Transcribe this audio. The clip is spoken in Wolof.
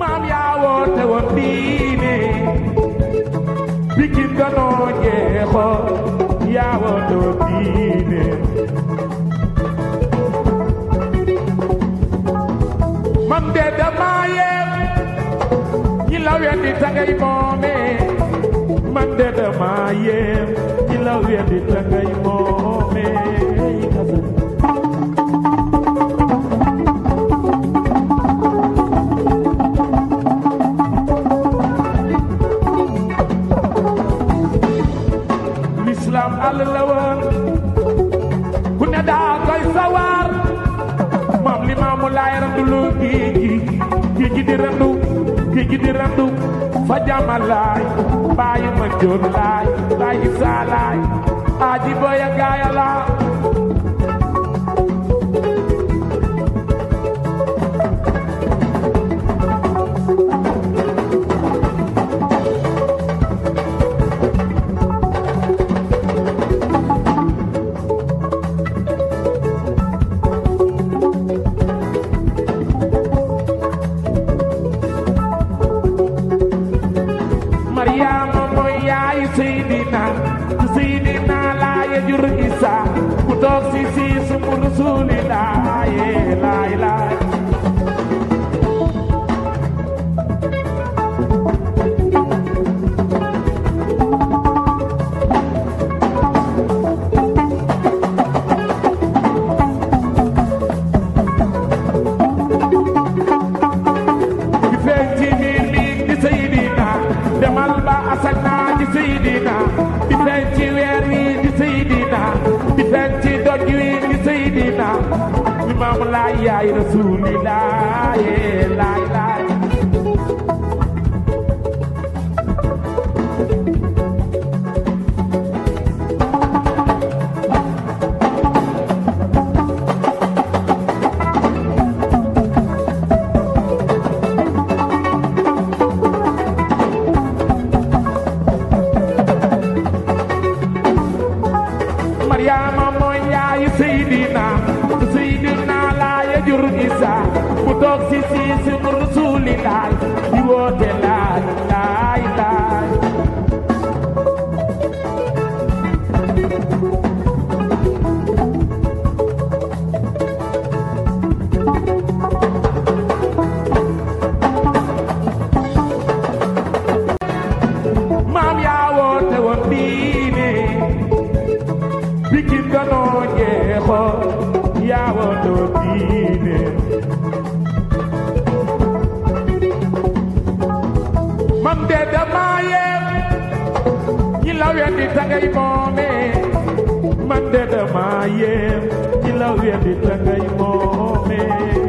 maam yaa woote woon diine Pikine nga noo jeexoo yaa woote woon diine man de damaa yeew ñi la weddi tagay moome man de damaa yeew ñi la weddi tagay delloo géej gi géej gi di randu géej gi di randu fa jàmmalaay bàyyi ma jóob ajiba maryaama mooy yaayu seydina ku seydina laa yajur isa ku toog si si sumu rasulillah yee laay asanna ci Seydina di feeñ ci weer di Seydina di feeñ ci doj di Seydina Limaamu Laay yaay Rasuulillaahi laay isa bu toog si si si rasulilaay di woote laay laay laay Bigin ganoo jeexoo woto diine man de dama yem ñi la weddi tagay moome man de dama yem ñi la weddi tagay moome